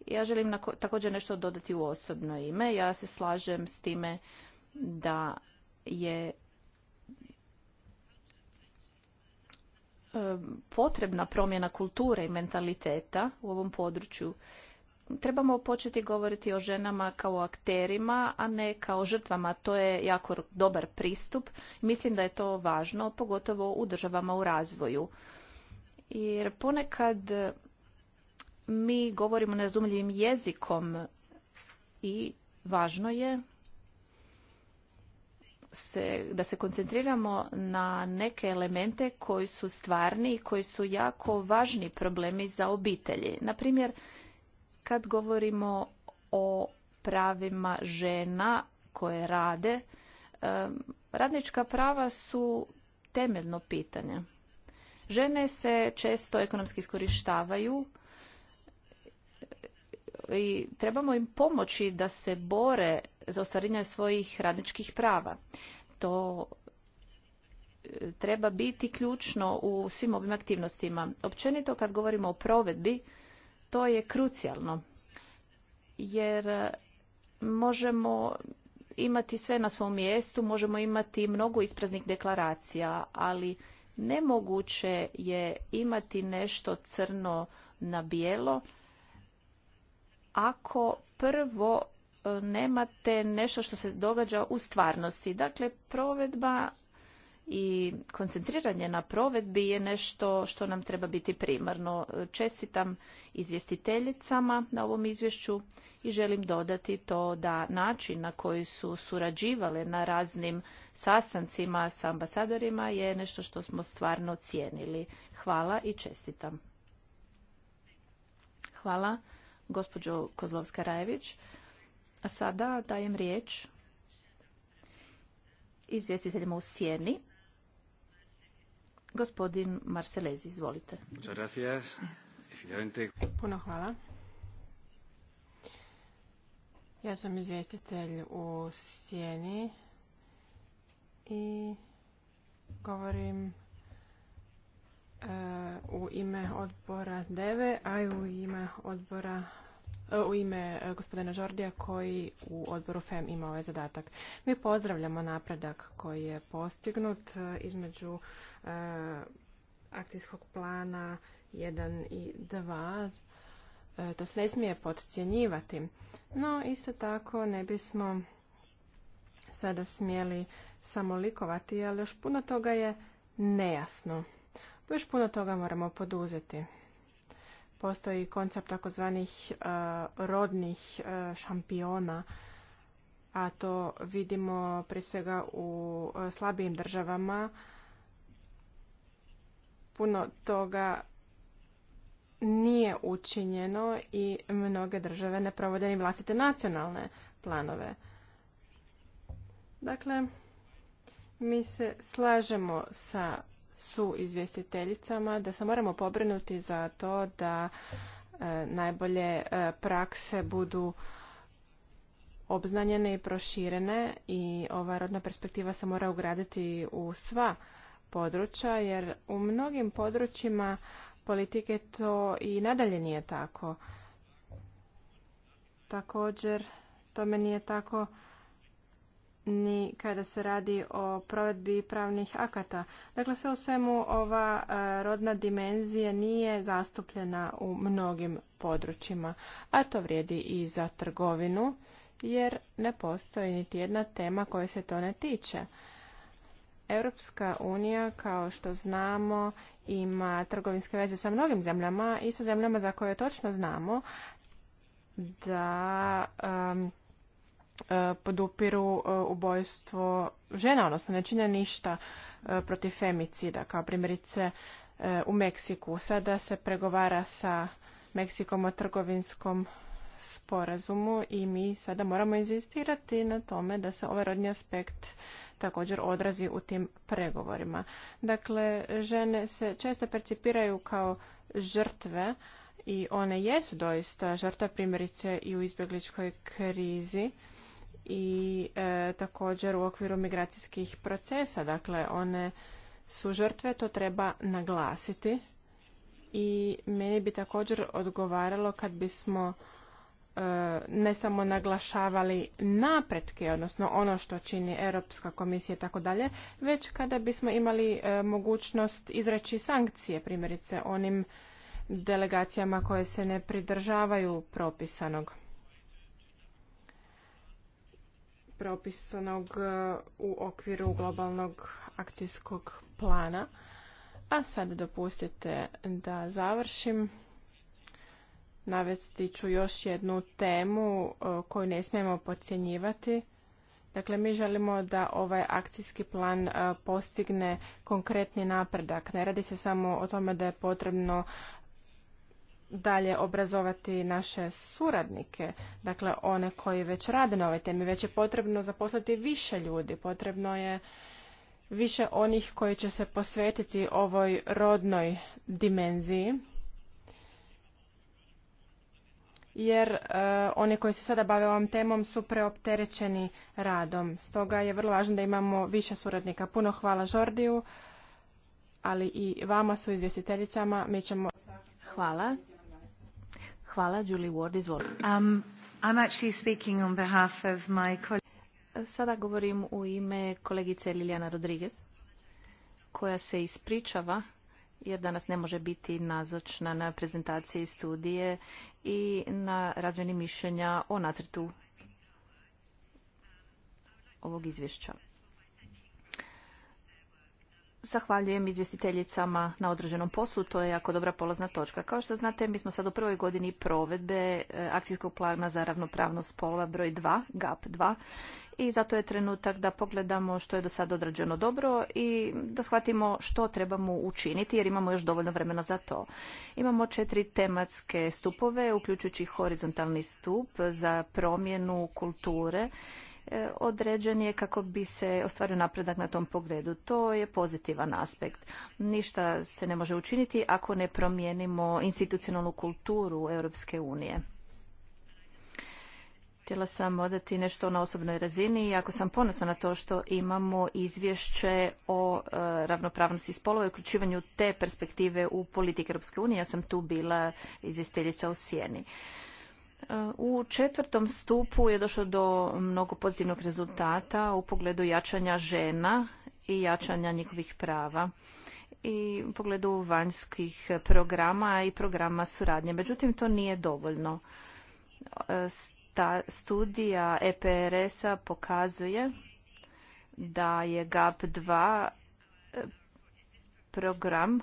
Ja želim također nešto dodati u osobno ime. Ja se slažem s time da je e, potrebna promjena kulture i mentaliteta u ovom području trebamo početi govoriti o ženama kao akterima, a ne kao žrtvama. To je jako dobar pristup. Mislim da je to važno, pogotovo u državama u razvoju. Jer ponekad eh, mi govorimo nerazumljivim jezikom i važno je se, da se koncentriramo na neke elemente koji su stvarni i koji su jako važni problemi za obitelji. Na primjer, kad govorimo o pravima žena koje rade, radnička prava su temeljno pitanje. Žene se često ekonomski iskorištavaju i trebamo im pomoći da se bore za ostvarenje svojih radničkih prava. To e, treba biti ključno u svim ovim aktivnostima. Općenito kad govorimo o provedbi, to je krucijalno jer možemo imati sve na svom mjestu, možemo imati mnogo ispraznih deklaracija, ali nemoguće je imati nešto crno na bijelo ako prvo e, nemate nešto što se događa u stvarnosti. Dakle, provedba i koncentriranje na provedbi je nešto što nam treba biti primarno. Čestitam izvjestiteljicama na ovom izvješću i želim dodati to da način na koji su surađivale na raznim sastancima sa ambasadorima je nešto što smo stvarno cijenili. Hvala i čestitam. Hvala, gospođo Kozlovska-Rajević. A sada dajem riječ izvjestiteljima u Sjeni. Gospodin Marselezi, izvolite. Puno hvala. Ja sam izvjestitelj u Sjeni i govorim e, u ime odbora DEVE, a i u ime odbora E, u ime e, gospodina Žordija koji u odboru FEM ima ovaj zadatak. Mi pozdravljamo napredak koji je postignut e, između akcijskog plana 1 i 2. to se ne smije podcjenjivati. No, isto tako ne bismo sada smjeli samo likovati, ali još puno toga je nejasno. Još puno toga moramo poduzeti postoji koncept takozvanih e, rodnih e, šampiona, a to vidimo prije svega u e, slabijim državama. Puno toga nije učinjeno i mnoge države ne provode ni vlastite nacionalne planove. Dakle, mi se slažemo sa su izvjestiteljicama da se moramo pobrinuti za to da e, najbolje e, prakse budu obznanjene i proširene i ova rodna perspektiva se mora ugraditi u sva područja jer u mnogim područjima politike to i nadalje nije tako. Također tome nije tako ni kada se radi o provedbi pravnih akata. Dakle, sve u svemu ova e, rodna dimenzija nije zastupljena u mnogim područjima, a to vrijedi i za trgovinu, jer ne postoji niti jedna tema koja se to ne tiče. Europska unija, kao što znamo, ima trgovinske veze sa mnogim zemljama i sa zemljama za koje točno znamo da um, E, podupiru e, ubojstvo žena, odnosno ne čine ništa e, protiv femicida, kao primjerice u Meksiku. Sada se pregovara sa Meksikom o trgovinskom sporazumu i mi sada moramo inzistirati na tome da se ovaj rodni aspekt također odrazi u tim pregovorima. Dakle, žene se često percipiraju kao žrtve i one jesu doista žrtve primjerice i u izbjegličkoj krizi i e, također u okviru migracijskih procesa. Dakle, one su žrtve, to treba naglasiti. I meni bi također odgovaralo kad bismo e, ne samo naglašavali napretke, odnosno ono što čini Europska komisija i tako dalje, već kada bismo imali e, mogućnost izreći sankcije, primjerice onim delegacijama koje se ne pridržavaju propisanog. propisanog e, u okviru globalnog akcijskog plana. A sad dopustite da završim. Navesti ću još jednu temu e, koju ne smijemo podcjenjivati. Dakle, mi želimo da ovaj akcijski plan e, postigne konkretni napredak. Ne radi se samo o tome da je potrebno dalje obrazovati naše suradnike, dakle one koji već rade na ovoj temi, već je potrebno zaposliti više ljudi, potrebno je više onih koji će se posvetiti ovoj rodnoj dimenziji. Jer e, oni koji se sada bave ovom temom su preopterećeni radom. Stoga je vrlo važno da imamo više suradnika. Puno hvala Žordiju, ali i vama su izvjestiteljicama. Mi ćemo... Hvala. Hvala, Julie Ward, um, Sada govorim u ime kolegice Liliana Rodriguez, koja se ispričava jer danas ne može biti nazočna na prezentaciji studije i na razmjeni mišljenja o nacrtu ovog izvješća. Zahvaljujem izvjestiteljicama na odrađenom poslu, to je jako dobra polazna točka. Kao što znate, mi smo sad u prvoj godini provedbe eh, akcijskog plana za ravnopravnost spolova broj 2, GAP 2, i zato je trenutak da pogledamo što je do sada odrađeno dobro i da shvatimo što trebamo učiniti jer imamo još dovoljno vremena za to. Imamo četiri tematske stupove, uključujući horizontalni stup za promjenu kulture E, određen je kako bi se ostvario napredak na tom pogledu. To je pozitivan aspekt. Ništa se ne može učiniti ako ne promijenimo institucionalnu kulturu Europske unije. Htjela sam odati nešto na osobnoj razini i ako sam ponosna na to što imamo izvješće o e, ravnopravnosti spolova i uključivanju te perspektive u politike Europske unije, ja sam tu bila izvjestiteljica u Sjeni. U četvrtom stupu je došlo do mnogo pozitivnog rezultata u pogledu jačanja žena i jačanja njihovih prava i u pogledu vanjskih programa i programa suradnje. Međutim, to nije dovoljno. Ta studija EPRS-a pokazuje da je GAP 2 program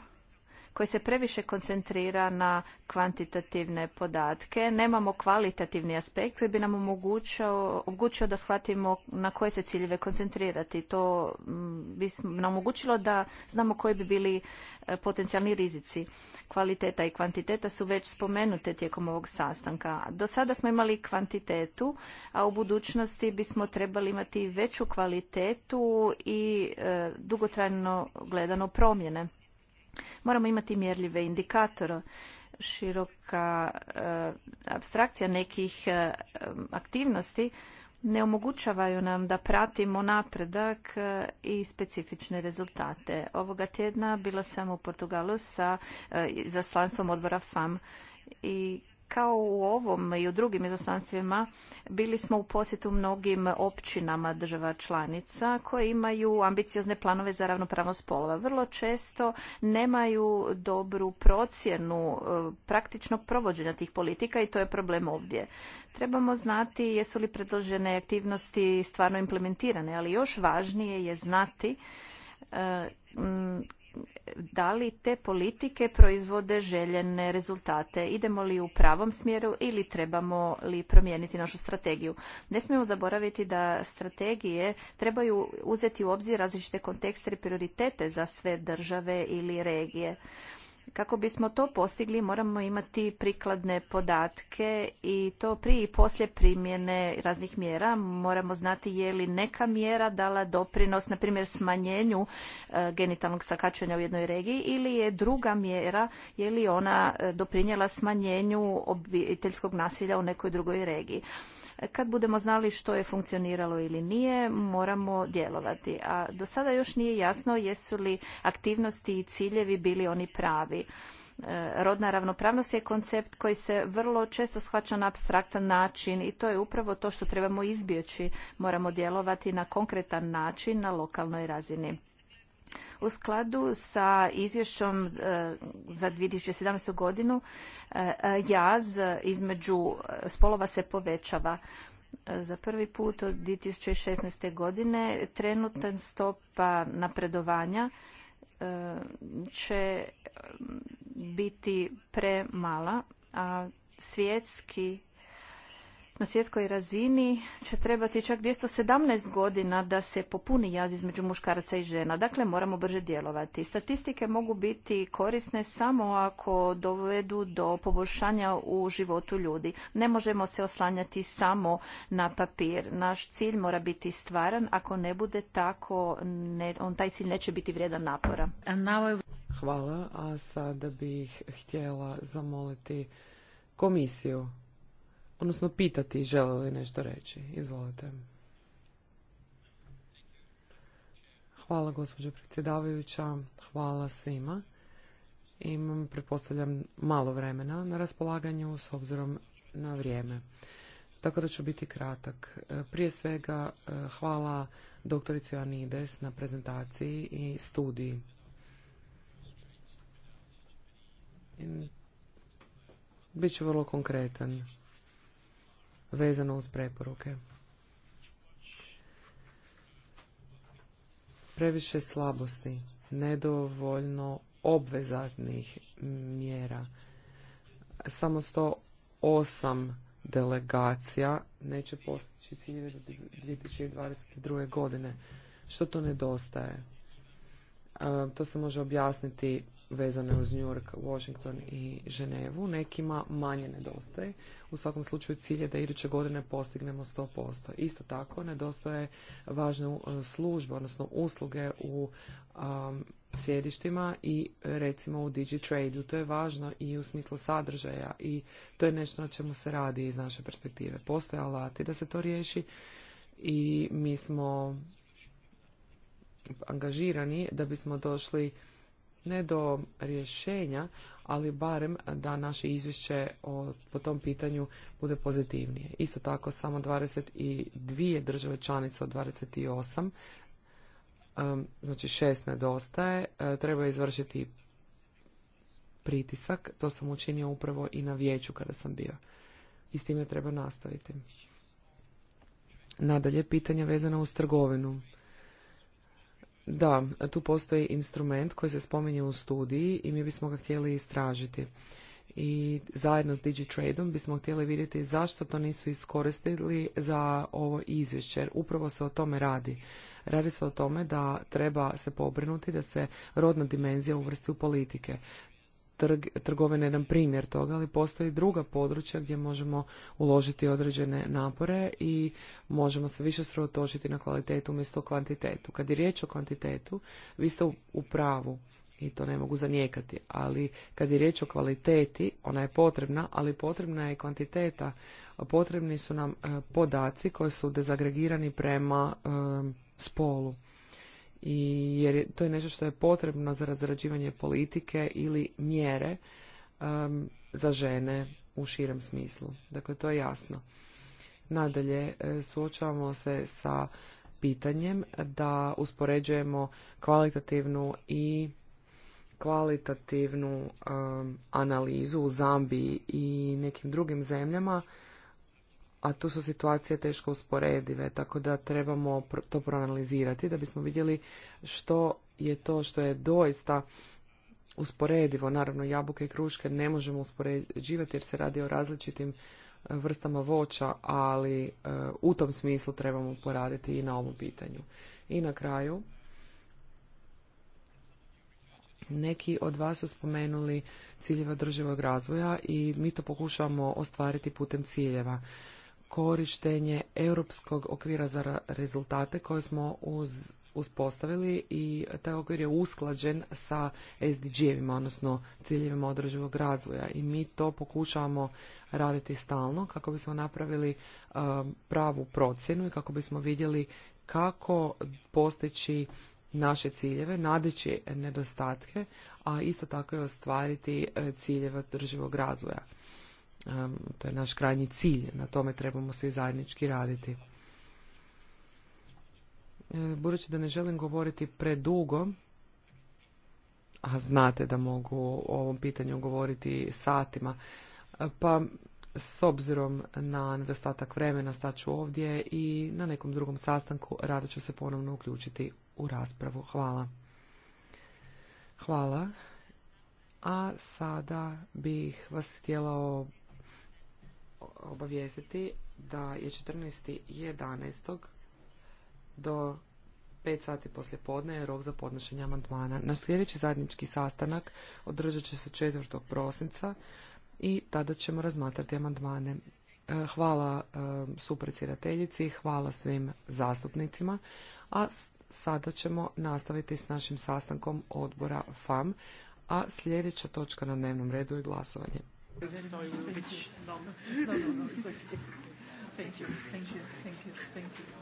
koji se previše koncentrira na kvantitativne podatke. Nemamo kvalitativni aspekt koji bi nam omogućio, da shvatimo na koje se ciljeve koncentrirati. To mm, bi nam omogućilo da znamo koji bi bili e, potencijalni rizici. Kvaliteta i kvantiteta su već spomenute tijekom ovog sastanka. Do sada smo imali kvantitetu, a u budućnosti bismo trebali imati veću kvalitetu i e, dugotrajno gledano promjene. Moramo imati mjerljive indikatore široka eh, abstrakcija nekih eh, aktivnosti ne omogućavaju nam da pratimo napredak eh, i specifične rezultate. Ovoga tjedna bila sam u Portugalu sa zaslanstvom odbora FAM i kao u ovom i u drugim izaslanstvima bili smo u posjetu mnogim općinama država članica koje imaju ambiciozne planove za ravnopravnost spolova. Vrlo često nemaju dobru procjenu e, praktičnog provođenja tih politika i to je problem ovdje. Trebamo znati jesu li predložene aktivnosti stvarno implementirane, ali još važnije je znati e, da li te politike proizvode željene rezultate? Idemo li u pravom smjeru ili trebamo li promijeniti našu strategiju? Ne smijemo zaboraviti da strategije trebaju uzeti u obzir različite kontekste i prioritete za sve države ili regije. Kako bismo to postigli moramo imati prikladne podatke i to prije i poslije primjene raznih mjera. Moramo znati je li neka mjera dala doprinos, na primjer smanjenju e, genitalnog sakačenja u jednoj regiji ili je druga mjera, je li ona e, doprinjela smanjenju obiteljskog nasilja u nekoj drugoj regiji. Kad budemo znali što je funkcioniralo ili nije, moramo djelovati. A do sada još nije jasno jesu li aktivnosti i ciljevi bili oni pravi e, rodna ravnopravnost je koncept koji se vrlo često shvaća na abstraktan način i to je upravo to što trebamo izbjeći. Moramo djelovati na konkretan način na lokalnoj razini. U skladu sa izvješćom e, za 2017. godinu e, jaz između e, spolova se povećava. Za prvi put od 2016. godine trenutna stopa napredovanja će biti premala, a svjetski na svjetskoj razini će trebati čak 217 godina da se popuni jaz između muškaraca i žena. Dakle, moramo brže djelovati. Statistike mogu biti korisne samo ako dovedu do poboljšanja u životu ljudi. Ne možemo se oslanjati samo na papir. Naš cilj mora biti stvaran. Ako ne bude tako, ne, on taj cilj neće biti vrijedan napora. Hvala, a sada bih htjela zamoliti komisiju odnosno pitati žele li nešto reći. Izvolite. Hvala gospođo predsjedavajuća, hvala svima. Imam, pretpostavljam, malo vremena na raspolaganju s obzirom na vrijeme. Tako da ću biti kratak. Prije svega hvala doktorici Anides na prezentaciji i studiji. Biću vrlo konkretan vezano uz preporuke. Previše slabosti, nedovoljno obvezatnih mjera. Samo 108 delegacija neće postići ciljeve 2022. godine. Što to nedostaje? E, to se može objasniti vezane uz New York, Washington i Ženevu, nekima manje nedostaje. U svakom slučaju cilj je da iduće godine postignemo 100%. Isto tako nedostaje važne uh, službe, odnosno usluge u um, sjedištima i recimo u Digitrade-u. To je važno i u smislu sadržaja i to je nešto na čemu se radi iz naše perspektive. Postoje alati da se to riješi i mi smo angažirani da bismo došli ne do rješenja, ali barem da naše izvješće o, po tom pitanju bude pozitivnije. Isto tako samo 22 države članice od 28, znači šest nedostaje, e, treba izvršiti pritisak, to sam učinio upravo i na vijeću kada sam bio. I s time treba nastaviti. Nadalje, pitanja vezana uz trgovinu. Da, tu postoji instrument koji se spominje u studiji i mi bismo ga htjeli istražiti. I zajedno s DigiTradeom bismo htjeli vidjeti zašto to nisu iskoristili za ovo izvješće. upravo se o tome radi. Radi se o tome da treba se pobrinuti da se rodna dimenzija uvrsti u politike trg, je jedan primjer toga, ali postoji druga područja gdje možemo uložiti određene napore i možemo se više sredotočiti na kvalitetu umjesto kvantitetu. Kad je riječ o kvantitetu, vi ste u pravu i to ne mogu zanijekati, ali kad je riječ o kvaliteti, ona je potrebna, ali potrebna je kvantiteta. Potrebni su nam e, podaci koji su dezagregirani prema e, spolu i jer to je nešto što je potrebno za razrađivanje politike ili mjere um, za žene u širem smislu. Dakle, to je jasno. Nadalje, e, suočavamo se sa pitanjem da uspoređujemo kvalitativnu i kvalitativnu um, analizu u Zambiji i nekim drugim zemljama a tu su situacije teško usporedive, tako da trebamo to proanalizirati da bismo vidjeli što je to što je doista usporedivo. Naravno, jabuke i kruške ne možemo uspoređivati jer se radi o različitim e, vrstama voća, ali e, u tom smislu trebamo poraditi i na ovom pitanju. I na kraju, neki od vas su spomenuli ciljeva drživog razvoja i mi to pokušavamo ostvariti putem ciljeva korištenje europskog okvira za rezultate koje smo uspostavili i taj okvir je usklađen sa SDG-evima, odnosno ciljevima održivog razvoja i mi to pokušavamo raditi stalno kako bismo napravili pravu procjenu i kako bismo vidjeli kako postići naše ciljeve, nadići nedostatke, a isto tako i ostvariti e, ciljeve održivog razvoja to je naš krajnji cilj, na tome trebamo svi zajednički raditi. E, budući da ne želim govoriti predugo, a znate da mogu o ovom pitanju govoriti satima, pa s obzirom na nedostatak vremena staću ovdje i na nekom drugom sastanku rado ću se ponovno uključiti u raspravu. Hvala. Hvala. A sada bih vas htjela obavijestiti da je 14.11. do 5 sati poslijepodne podne je rok za podnošenje amandmana. Na sljedeći zajednički sastanak održat će se 4. prosinca i tada ćemo razmatrati amandmane. E, hvala e, supredsjedateljici, hvala svim zastupnicima, a sada ćemo nastaviti s našim sastankom odbora FAM, a sljedeća točka na dnevnom redu je glasovanje you.